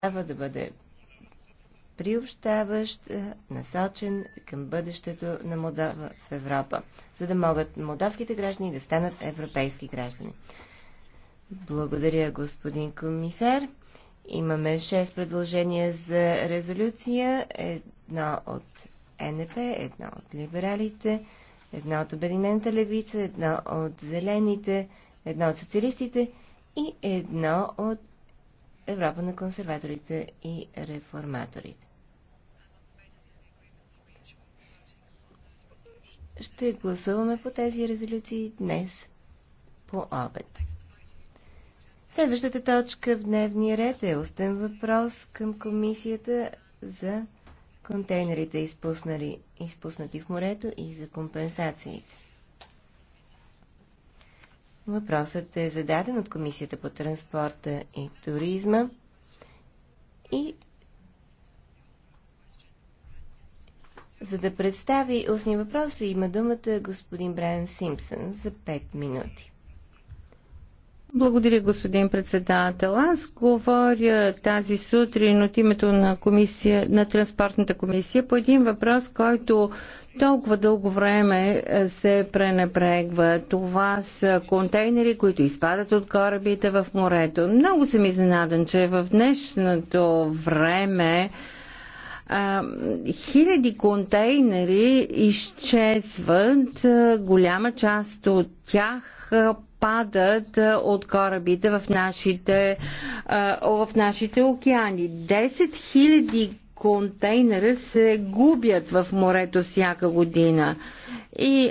трябва да бъде приобщаващ, е, насочен към бъдещето на Молдава в Европа, за да могат молдавските граждани да станат европейски граждани. Благодаря, господин комисар. Имаме 6 предложения за резолюция. Едно от НП, едно от либералите, едно от Обединената левица, едно от зелените, едно от социалистите и едно от Европа на консерваторите и реформаторите. Ще гласуваме по тези резолюции днес по обед. Следващата точка в дневния ред е устен въпрос към комисията за контейнерите, изпуснали, изпуснати в морето и за компенсациите. Въпросът е зададен от Комисията по транспорта и туризма и за да представи устни въпроси има думата господин Брайан Симпсън за 5 минути. Благодаря, господин председател. Аз говоря тази сутрин от името на, комисия, на Транспортната комисия по един въпрос, който толкова дълго време е, се пренебрегва. Това са контейнери, които изпадат от корабите в морето. Много съм изненадан, че в днешното време а, е, хиляди контейнери изчезват, е, голяма част от тях падат от корабите в нашите, в нашите океани. 10 000 контейнера се губят в морето всяка година. И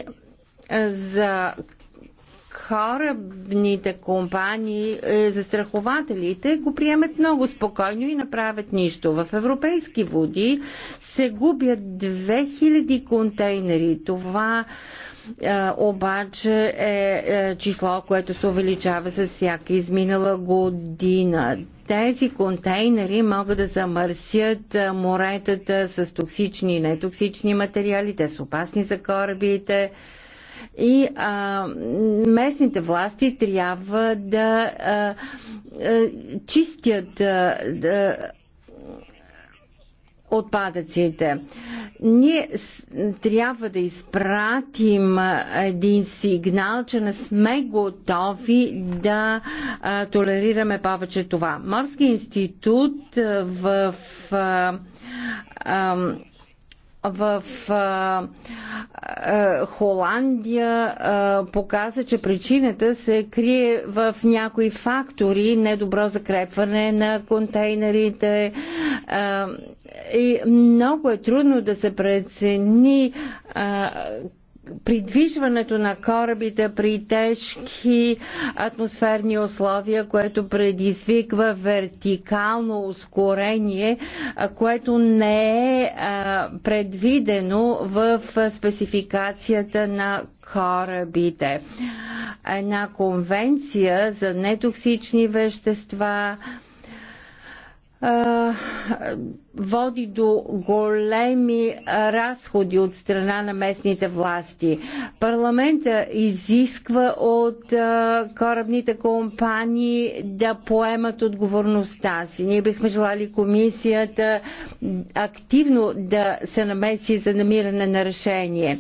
за корабните компании, е, застрахователите го приемат много спокойно и направят нищо. В европейски води се губят 2000 контейнери. Това е, обаче е, е число, което се увеличава с всяка изминала година. Тези контейнери могат да замърсят моретата с токсични и нетоксични материали, те са опасни за корабите и а, местните власти трябва да а, а, чистят а, да, отпадъците. Ние трябва да изпратим един сигнал, че не сме готови да а, толерираме повече това. Морски институт в а, а, в а, а, Холандия а, показа, че причината се крие в някои фактори, недобро закрепване на контейнерите. А, и много е трудно да се прецени а, придвижването на корабите при тежки атмосферни условия, което предизвиква вертикално ускорение, което не е предвидено в спецификацията на корабите. Една конвенция за нетоксични вещества води до големи разходи от страна на местните власти. Парламента изисква от корабните компании да поемат отговорността си. Ние бихме желали комисията активно да се намеси за намиране на решение.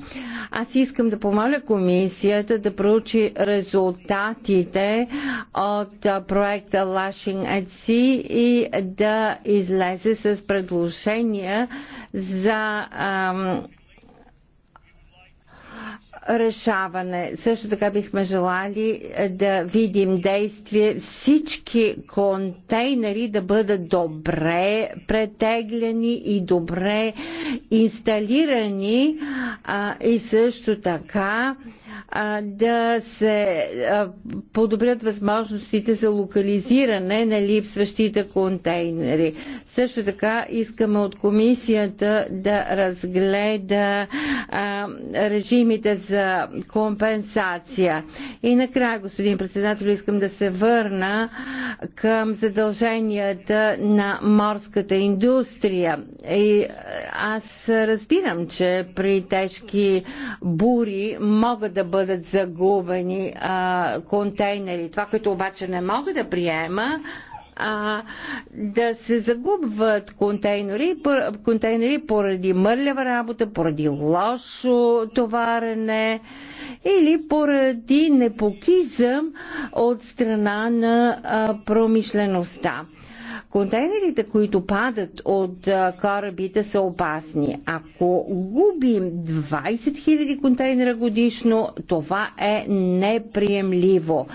Аз искам да помоля комисията да проучи резултатите от проекта Lashing at Sea и да излезе с пред предложения за а, решаване. Също така бихме желали е, да видим действие всички контейнери да бъдат добре претегляни и добре инсталирани а, и също така а, да се а, подобрят възможностите за локализиране на липсващите контейнери. Също така искаме от комисията да разгледа а, режимите за за компенсация. И накрая, господин председател, искам да се върна към задълженията на морската индустрия. И е, аз разбирам, че при тежки бури могат да бъдат загубени а, контейнери. Това, което обаче не мога да приема, а, да се загубват контейнери, контейнери поради мърлява работа, поради лошо товарене или поради непокизъм от страна на а, промишлеността контейнерите, които падат от корабите, са опасни. Ако губим 20 000 контейнера годишно, това е неприемливо.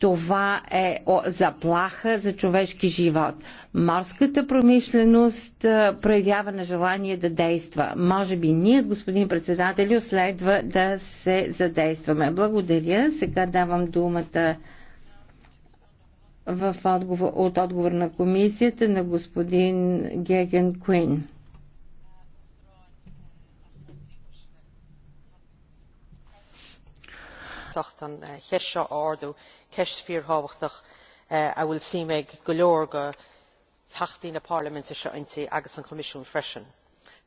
Това е заплаха за човешки живот. Морската промишленост проявява на желание да действа. Може би ние, господин председателю, следва да се задействаме. Благодаря. Сега давам думата в отговор, от отговор на комисията на господин Геген Куин.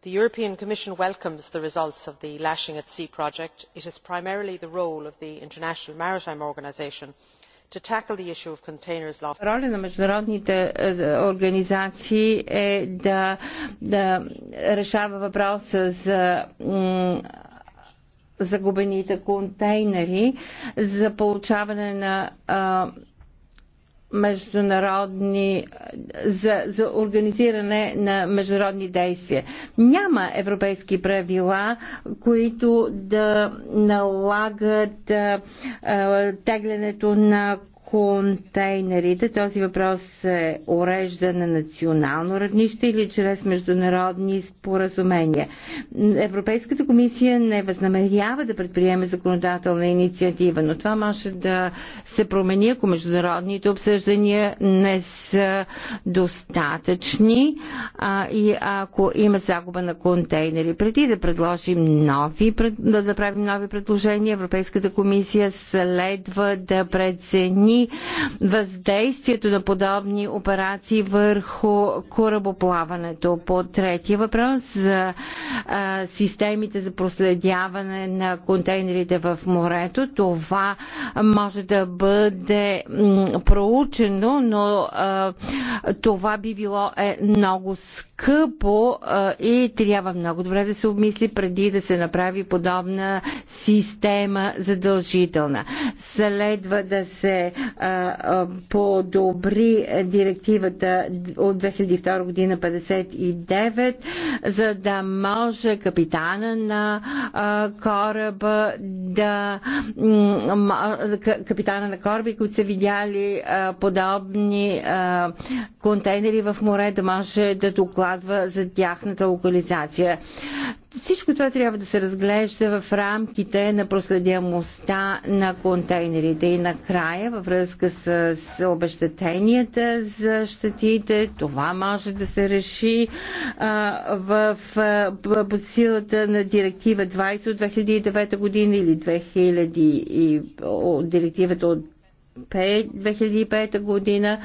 The European Commission welcomes the results of the Lashing at Sea project. It is primarily the role of the International Maritime Organization Роля на международните е, е, организации е да, решава въпроса за загубените контейнери за получаване на международни, за, за организиране на международни действия. Няма европейски правила, които да налагат а, а, теглянето на контейнерите. Този въпрос се урежда на национално равнище или чрез международни споразумения. Европейската комисия не възнамерява да предприеме законодателна инициатива, но това може да се промени, ако международните обсъждания не са достатъчни а, и ако има загуба на контейнери. Преди да предложим нови, да направим нови предложения, Европейската комисия следва да прецени въздействието на подобни операции върху корабоплаването. По третия въпрос за а, системите за проследяване на контейнерите в морето, това може да бъде проучено, но а, това би било е много скъпо а, и трябва много добре да се обмисли преди да се направи подобна система задължителна. Следва да се подобри директивата от 2002 година 59, за да може капитана на кораба да капитана на кораби, които са видяли подобни контейнери в море, да може да докладва за тяхната локализация. Всичко това трябва да се разглежда в рамките на проследяемостта на контейнерите и накрая във връзка с обещетенията за щетите. Това може да се реши а, в а, по силата на директива 20 от 2009 година или 2000 и, о, директивата от 2005 година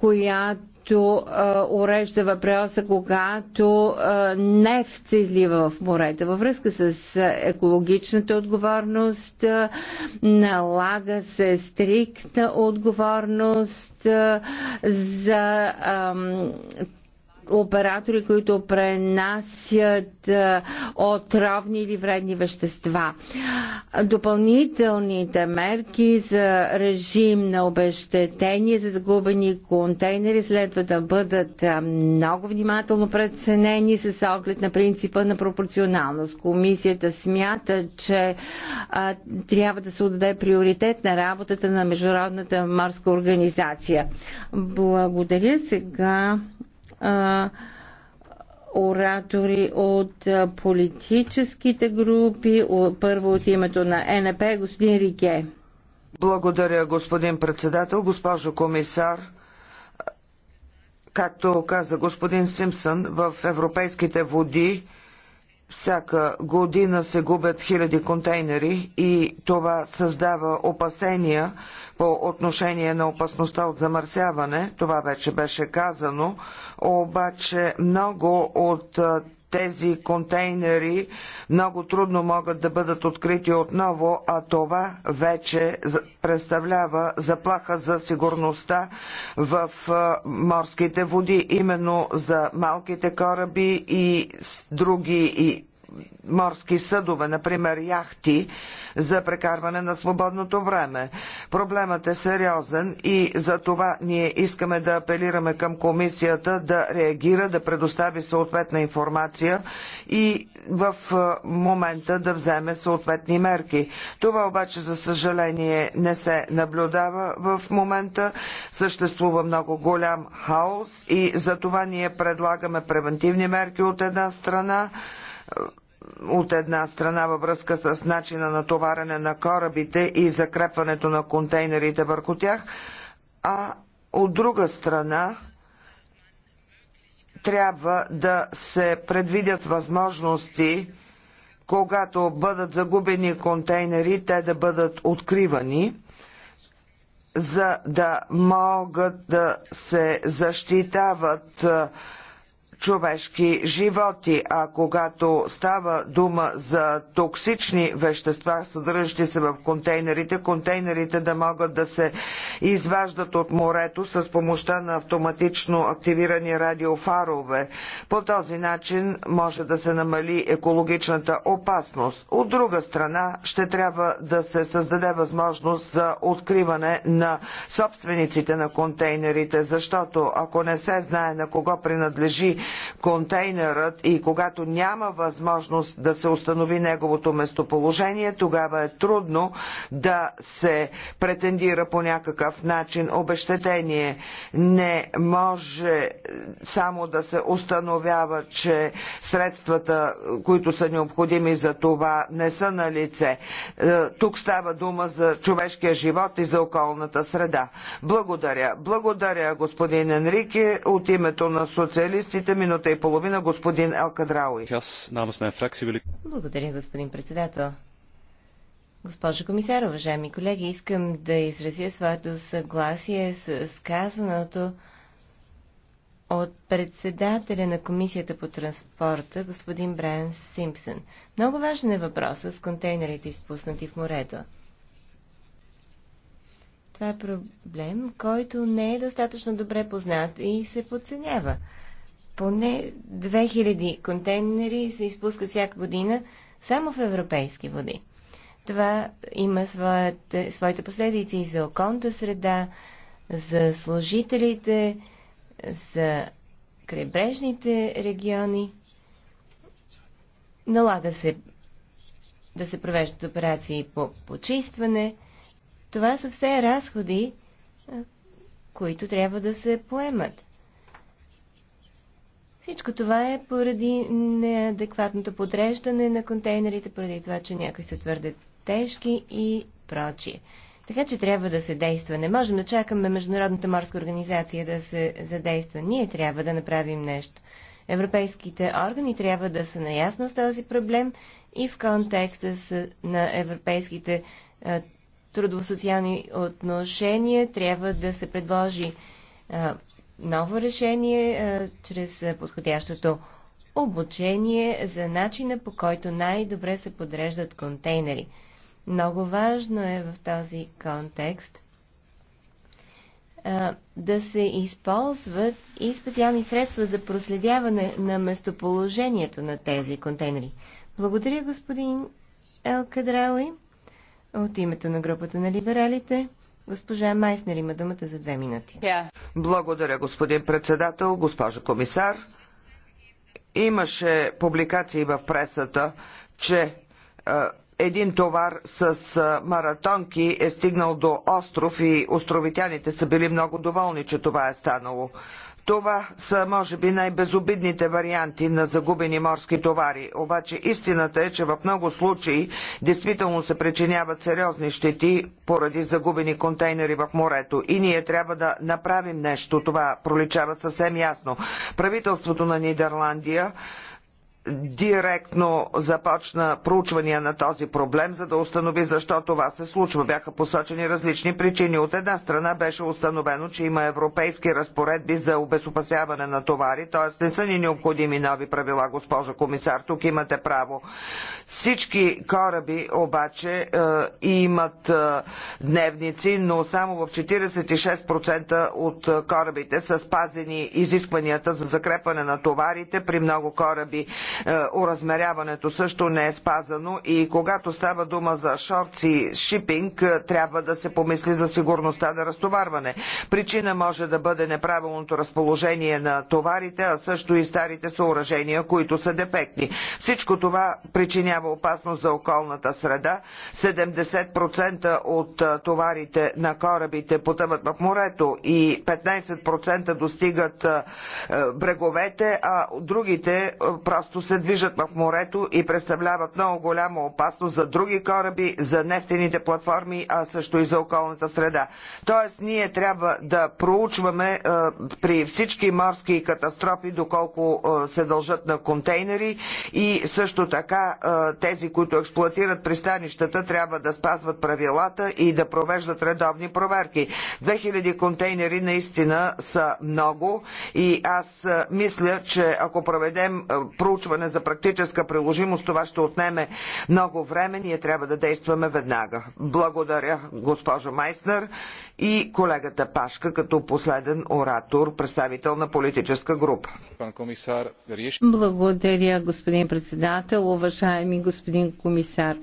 която който а, урежда въпроса, когато а, нефт се излива в морета. Във връзка с екологичната отговорност а, налага се стриктна отговорност а, за а, оператори, които пренасят е, отровни или вредни вещества. Допълнителните мерки за режим на обещетение за загубени контейнери следва да бъдат е, много внимателно преценени с оглед на принципа на пропорционалност. Комисията смята, че а, е, трябва да се отдаде приоритет на работата на Международната морска организация. Благодаря сега оратори от политическите групи. Първо от името на НП, господин Рике. Благодаря, господин председател. Госпожо комисар, както каза господин Симпсън, в европейските води всяка година се губят хиляди контейнери и това създава опасения по отношение на опасността от замърсяване. Това вече беше казано. Обаче много от тези контейнери много трудно могат да бъдат открити отново, а това вече представлява заплаха за сигурността в морските води, именно за малките кораби и други и морски съдове, например яхти, за прекарване на свободното време. Проблемът е сериозен и за това ние искаме да апелираме към комисията да реагира, да предостави съответна информация и в момента да вземе съответни мерки. Това обаче, за съжаление, не се наблюдава в момента. Съществува много голям хаос и за това ние предлагаме превентивни мерки от една страна, от една страна във връзка с начина на товарене на корабите и закрепването на контейнерите върху тях, а от друга страна трябва да се предвидят възможности, когато бъдат загубени контейнери, те да бъдат откривани, за да могат да се защитават човешки животи, а когато става дума за токсични вещества, съдържащи се в контейнерите, контейнерите да могат да се изваждат от морето с помощта на автоматично активирани радиофарове. По този начин може да се намали екологичната опасност. От друга страна, ще трябва да се създаде възможност за откриване на собствениците на контейнерите, защото ако не се знае на кого принадлежи контейнерът и когато няма възможност да се установи неговото местоположение, тогава е трудно да се претендира по някакъв начин обещетение. Не може само да се установява, че средствата, които са необходими за това, не са на лице. Е, тук става дума за човешкия живот и за околната среда. Благодаря. Благодаря, господин Енрике. От името на социалистите минута, и половина, господин Елкадрауи. Благодаря, господин председател. Госпожо комисар, уважаеми колеги, искам да изразя своето съгласие с казаното от председателя на Комисията по транспорта, господин Брайан Симпсън. Много важен е въпросът с контейнерите, изпуснати в морето. Това е проблем, който не е достатъчно добре познат и се подценява. Поне 2000 контейнери се изпускат всяка година само в европейски води. Това има своите, своите последици и за околната среда, за служителите, за крайбрежните региони. Налага се да се провеждат операции по почистване. Това са все разходи, които трябва да се поемат. Всичко това е поради неадекватното подреждане на контейнерите, поради това, че някои са твърде тежки и прочие. Така че трябва да се действа. Не можем да чакаме Международната морска организация да се задейства. Ние трябва да направим нещо. Европейските органи трябва да са наясно с този проблем и в контекста с, на европейските е, трудово-социални отношения трябва да се предложи е, ново решение е, чрез е, подходящото обучение за начина по който най-добре се подреждат контейнери. Много важно е в този контекст е, да се използват и специални средства за проследяване на местоположението на тези контейнери. Благодаря, господин Ел Кадрауи, от името на групата на либералите. Госпожа Майснер има думата за две минути. Yeah. Благодаря, господин председател, госпожа комисар. Имаше публикации в пресата, че е, един товар с е, маратонки е стигнал до остров и островитяните са били много доволни, че това е станало. Това са, може би, най-безобидните варианти на загубени морски товари. Обаче истината е, че в много случаи действително се причиняват сериозни щети поради загубени контейнери в морето. И ние трябва да направим нещо. Това проличава съвсем ясно. Правителството на Нидерландия директно започна проучвания на този проблем, за да установи защо това се случва. Бяха посочени различни причини. От една страна беше установено, че има европейски разпоредби за обезопасяване на товари, т.е. не са ни необходими нови правила, госпожо комисар. Тук имате право. Всички кораби обаче е, имат е, дневници, но само в 46% от корабите са спазени изискванията за закрепване на товарите. При много кораби Оразмеряването е, също не е спазано и когато става дума за шорци шипинг, е, трябва да се помисли за сигурността на разтоварване. Причина може да бъде неправилното разположение на товарите, а също и старите съоръжения, които са дефектни. Всичко това причинява опасност за околната среда. 70% от е, товарите на корабите потъват в морето и 15% достигат бреговете, а другите просто се движат в морето и представляват много голяма опасност за други кораби, за нефтените платформи, а също и за околната среда. Тоест, ние трябва да проучваме е, при всички морски катастрофи доколко е, се дължат на контейнери и също така е, тези, които експлуатират пристанищата, трябва да спазват правилата и да провеждат редовни проверки. 2000 контейнери наистина са много и аз мисля, че ако проведем проучване проучване за практическа приложимост. Това ще отнеме много време. Ние трябва да действаме веднага. Благодаря, госпожо Майснер и колегата Пашка като последен оратор, представител на политическа група. Благодаря, господин председател, уважаеми господин комисар.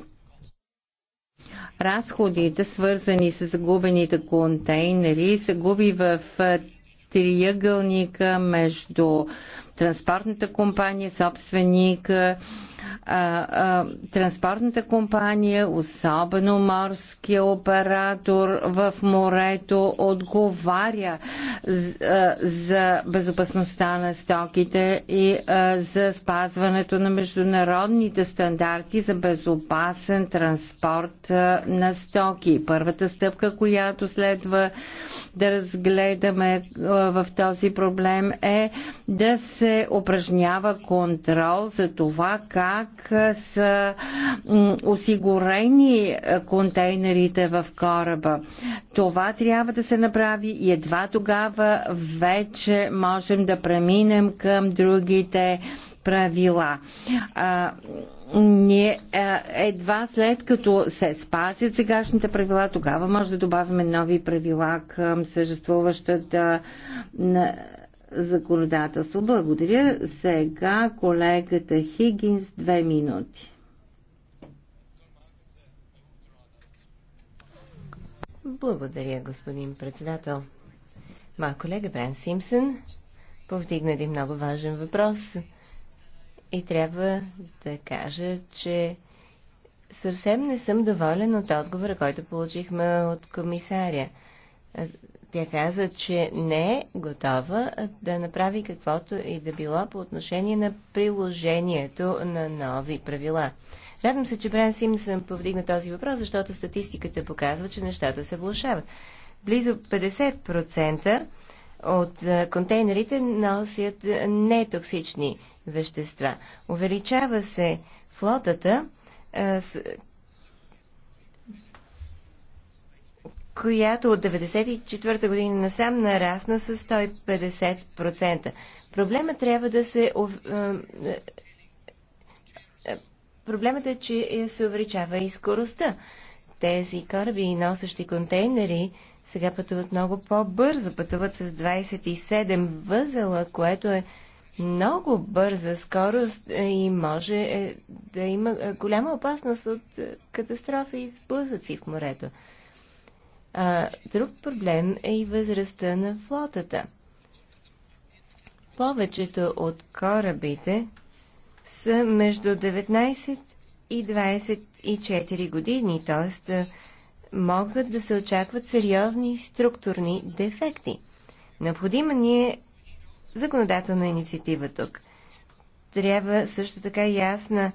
Разходите, свързани с загубените контейнери, се губи в триъгълника между транспортната компания, собственик а, а, транспортната компания, особено морския оператор в морето, отговаря за, за безопасността на стоките и а, за спазването на международните стандарти за безопасен транспорт а, на стоки. Първата стъпка, която следва да разгледаме а, в този проблем е да се упражнява контрол за това как как са осигурени контейнерите в кораба. Това трябва да се направи и едва тогава вече можем да преминем към другите правила. А, ние а, едва след като се спасят сегашните правила, тогава може да добавим нови правила към съществуващата законодателство. Благодаря. Сега колегата Хигинс, две минути. Благодаря, господин председател. Моя колега Брен Симпсън повдигна един много важен въпрос и трябва да кажа, че съвсем не съм доволен от отговора, който получихме от комисаря. Тя каза, че не е готова да направи каквото и да било по отношение на приложението на нови правила. Радвам се, че Брен Симсън повдигна този въпрос, защото статистиката показва, че нещата се влушават. Близо 50% от контейнерите носят нетоксични вещества. Увеличава се флотата, която от 1994 година насам нарасна с 150%. Проблема трябва да се... Е, е, е, проблемът е, че се увеличава и скоростта. Тези кораби, и носещи контейнери, сега пътуват много по-бързо. Пътуват с 27 възела, което е много бърза скорост и може да има голяма опасност от катастрофи и сблъсъци в морето. А, друг проблем е и възрастта на флотата. Повечето от корабите са между 19 и 24 години, т.е. могат да се очакват сериозни структурни дефекти. Необходима ни е законодателна инициатива тук. Трябва също така ясна,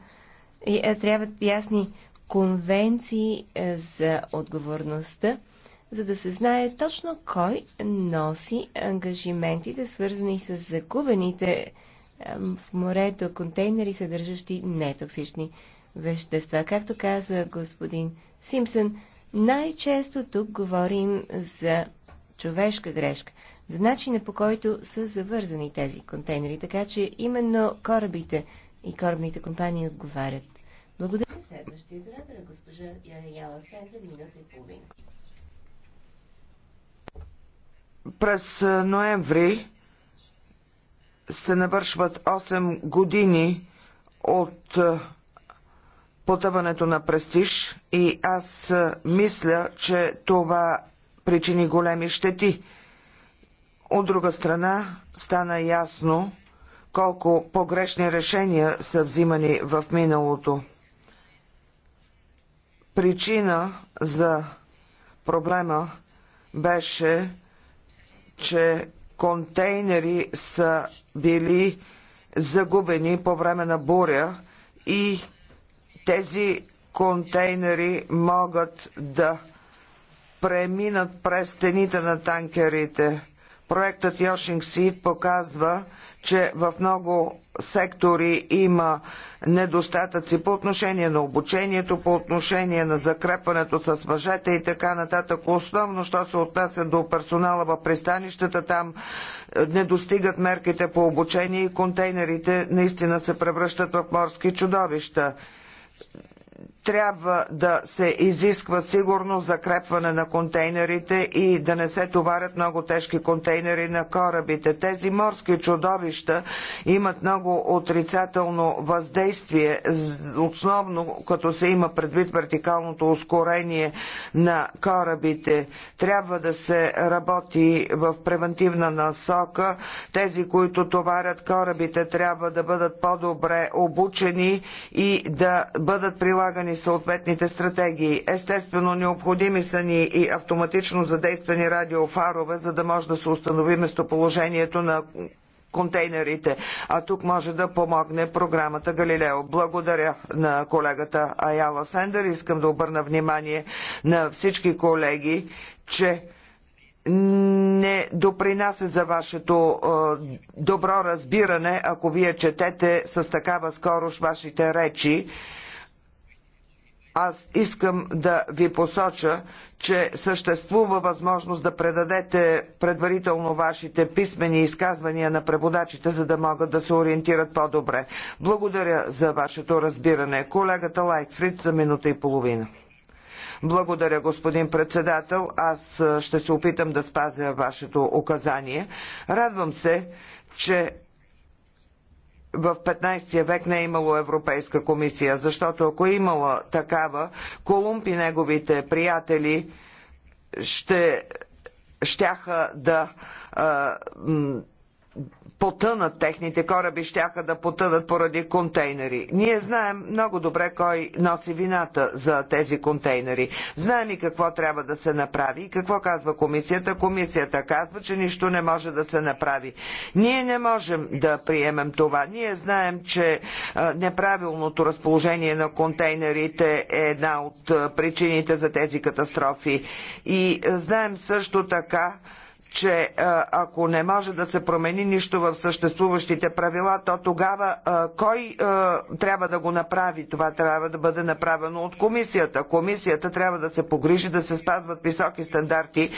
трябват ясни конвенции е, за отговорността за да се знае точно кой носи ангажиментите, свързани с загубените в морето контейнери, съдържащи нетоксични вещества. Както каза господин Симпсън, най-често тук говорим за човешка грешка, за начина по който са завързани тези контейнери, така че именно корабите и корабните компании отговарят. Благодаря следващия е госпожа Яла Сендра, минута и половина. През ноември се навършват 8 години от е, потъването на престиж и аз е, мисля, че това причини големи щети. От друга страна, стана ясно колко погрешни решения са взимани в миналото. Причина за проблема беше че контейнери са били загубени по време на буря и тези контейнери могат да преминат през стените на танкерите. Проектът Йошинг Сид показва, че в много сектори има недостатъци по отношение на обучението, по отношение на закрепването с мъжете и така нататък. Основно, що се отнася до персонала в пристанищата, там е, не достигат мерките по обучение и контейнерите наистина се превръщат в морски чудовища трябва да се изисква сигурно закрепване на контейнерите и да не се товарят много тежки контейнери на корабите. Тези морски чудовища имат много отрицателно въздействие, основно като се има предвид вертикалното ускорение на корабите. Трябва да се работи в превентивна насока. Тези, които товарят корабите, трябва да бъдат по-добре обучени и да бъдат прилагани съответните стратегии. Естествено, необходими са ни и автоматично задействани радиофарове, за да може да се установи местоположението на контейнерите. А тук може да помогне програмата Галилео. Благодаря на колегата Аяла Сендер. Искам да обърна внимание на всички колеги, че не допринася за вашето е, добро разбиране, ако вие четете с такава скорост вашите речи аз искам да ви посоча, че съществува възможност да предадете предварително вашите писмени изказвания на преводачите, за да могат да се ориентират по-добре. Благодаря за вашето разбиране. Колегата Лайкфрид за минута и половина. Благодаря, господин председател. Аз ще се опитам да спазя вашето указание. Радвам се, че в 15 век не е имало Европейска комисия, защото ако е имала такава, Колумб и неговите приятели ще щяха да а, потънат техните кораби, щяха да потънат поради контейнери. Ние знаем много добре кой носи вината за тези контейнери. Знаем и какво трябва да се направи и какво казва комисията. Комисията казва, че нищо не може да се направи. Ние не можем да приемем това. Ние знаем, че неправилното разположение на контейнерите е една от причините за тези катастрофи. И знаем също така, че е, ако не може да се промени нищо в съществуващите правила, то тогава е, кой е, трябва да го направи? Това трябва да бъде направено от комисията. Комисията трябва да се погрижи да се спазват високи стандарти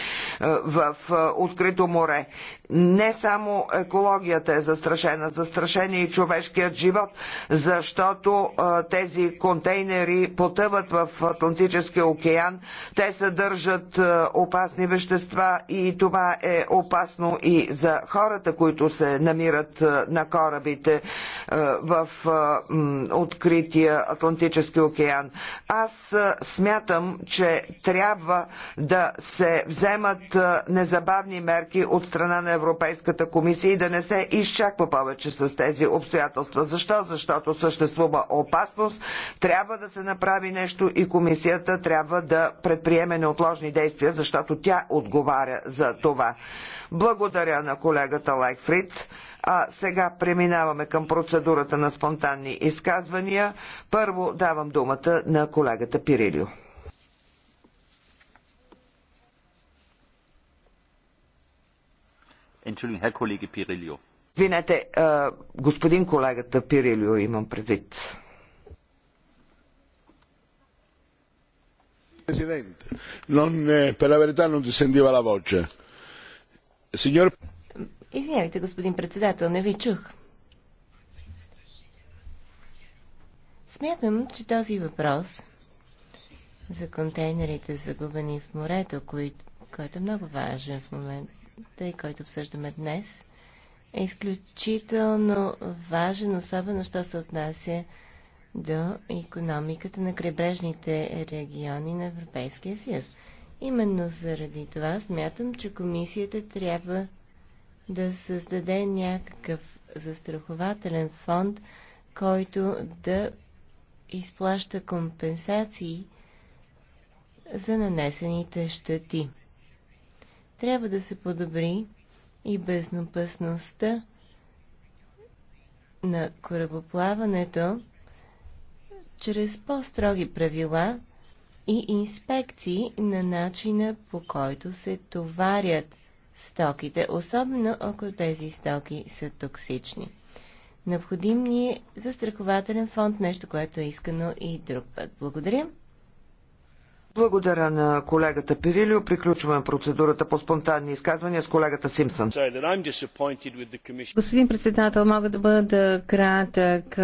в открито море. Не само екологията е застрашена, застрашен е и човешкият живот, защото тези контейнери потъват в Атлантическия океан, те съдържат опасни вещества и това е е опасно и за хората, които се намират е, на корабите е, в е, открития Атлантически океан. Аз смятам, че трябва да се вземат незабавни мерки от страна на Европейската комисия и да не се изчаква повече с тези обстоятелства. Защо? Защото съществува опасност, трябва да се направи нещо и комисията трябва да предприеме неотложни действия, защото тя отговаря за това. Благодаря на колегата Лайкфрид. А сега преминаваме към процедурата на спонтанни изказвания. Първо давам думата на колегата Пирилио. Винете, господин колегата Пирилио имам предвид. Presidente, non, eh, per la verità non ti sentiva la voce. Сеньор... Извинявайте, господин председател, не ви чух. Смятам, че този въпрос за контейнерите, загубени в морето, който е много важен в момента и който обсъждаме днес, е изключително важен, особено що се отнася до економиката на крайбрежните региони на Европейския съюз. Именно заради това смятам, че комисията трябва да създаде някакъв застрахователен фонд, който да изплаща компенсации за нанесените щети. Трябва да се подобри и безнопасността на корабоплаването чрез по-строги правила и инспекции на начина по който се товарят стоките, особено ако тези стоки са токсични. Необходим ни е застрахователен фонд, нещо, което е искано и друг път. Благодаря. Благодаря на колегата Пирилио. Приключваме процедурата по спонтанни изказвания с колегата Симпсън. Господин председател, мога да бъда кратък.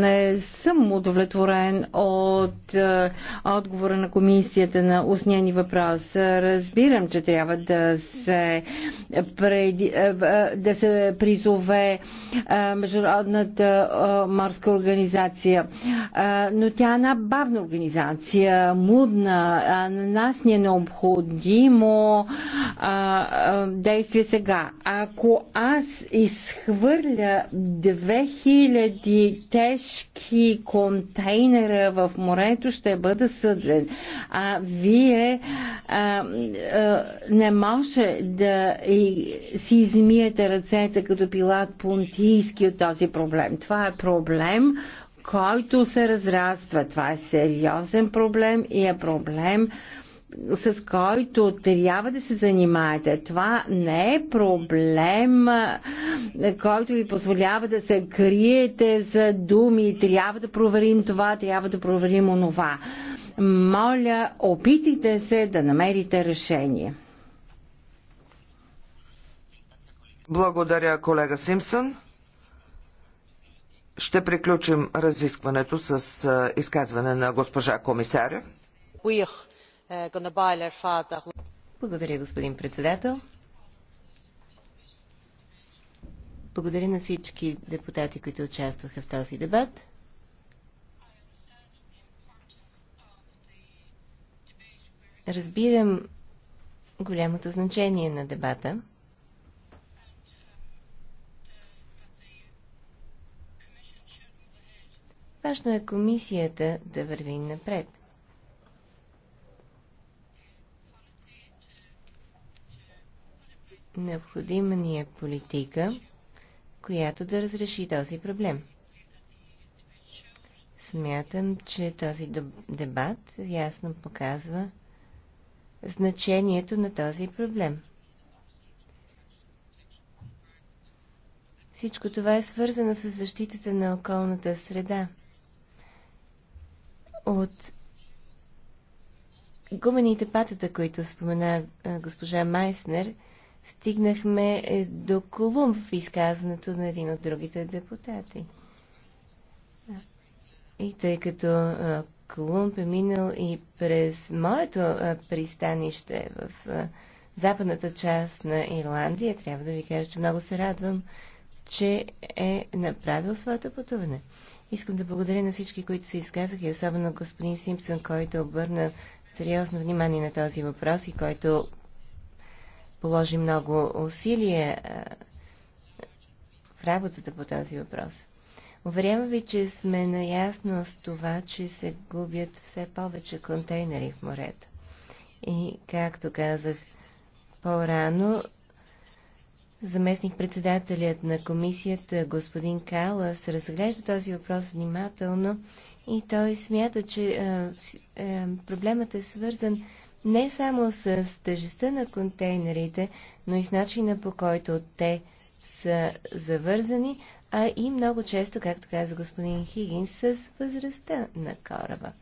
Не съм удовлетворен от е, отговора на комисията на устния въпрос. Разбирам, че трябва да се, преди, е, е, да се призове Международната морска организация, но тя е една бавна организация по На нас ни е необходимо а, а, действие сега. Ако аз изхвърля 2000 тежки контейнера в морето, ще бъда съден. А вие а, а, не може да и, си измиете ръцете като пилат понтийски от този проблем. Това е проблем, който се разраства. Това е сериозен проблем и е проблем, с който трябва да се занимаете. Това не е проблем, който ви позволява да се криете за думи. Трябва да проверим това, трябва да проверим онова. Моля, опитайте се да намерите решение. Благодаря, колега Симпсън ще приключим разискването с изказване на госпожа комисаря. Uh, Благодаря, господин председател. Благодаря на всички депутати, които участваха в този дебат. Разбирам голямото значение на дебата. Важно е комисията да върви напред. Необходима ни е политика, която да разреши този проблем. Смятам, че този дебат ясно показва значението на този проблем. Всичко това е свързано с защитата на околната среда от гумените патата, които спомена госпожа Майснер, стигнахме е, до Колумб в изказването на един от другите депутати. И тъй като Колумб е минал и през моето пристанище в западната част на Ирландия, трябва да ви кажа, че много се радвам, че е направил своето пътуване. Искам да благодаря на всички, които се изказаха и особено господин Симпсън, който обърна сериозно внимание на този въпрос и който положи много усилия в работата по този въпрос. Уверявам ви, че сме наясно с това, че се губят все повече контейнери в морето. И, както казах по-рано, Заместник-председателят на комисията, господин Калас, разглежда този въпрос внимателно и той смята, че е, е, проблемът е свързан не само с тежестта на контейнерите, но и с начина по който те са завързани, а и много често, както каза господин Хигинс, с възрастта на кораба.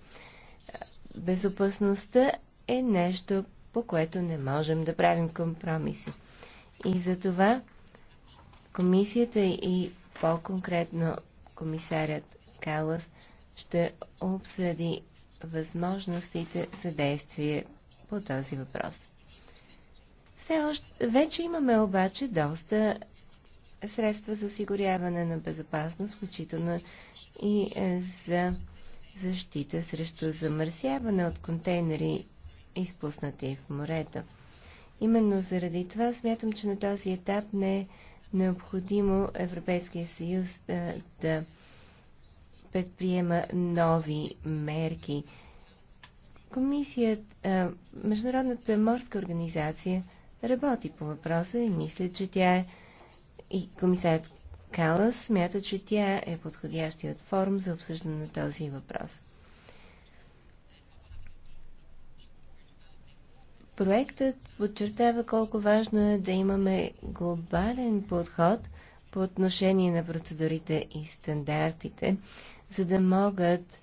Безопасността е нещо, по което не можем да правим компромиси. И за това комисията и по-конкретно комисарят Калас ще обсъди възможностите за действие по този въпрос. Все още, вече имаме обаче доста средства за осигуряване на безопасност, включително и е, за защита срещу замърсяване от контейнери, изпуснати в морето. Именно заради това смятам, че на този етап не е необходимо Европейския съюз да, да предприема нови мерки. Комисията, Международната морска организация работи по въпроса и мисля, че тя е и комисарят Калас смята, че тя е подходящият форум за обсъждане на този въпрос. Проектът подчертава колко важно е да имаме глобален подход по отношение на процедурите и стандартите, за да могат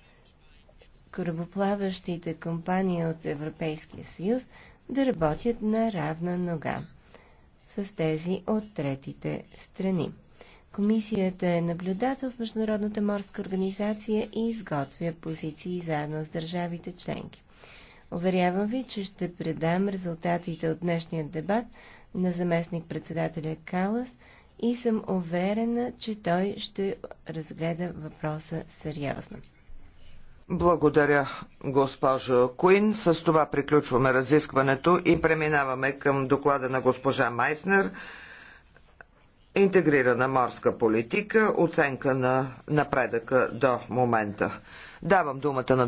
корабоплаващите компании от Европейския съюз да работят на равна нога с тези от третите страни. Комисията е наблюдател в Международната морска организация и изготвя позиции заедно с държавите членки. Уверявам ви, че ще предам резултатите от днешния дебат на заместник-председателя Калас и съм уверена, че той ще разгледа въпроса сериозно. Благодаря, госпожо Куин. С това приключваме разискването и преминаваме към доклада на госпожа Майснер. Интегрирана морска политика, оценка на напредъка до момента. Давам думата на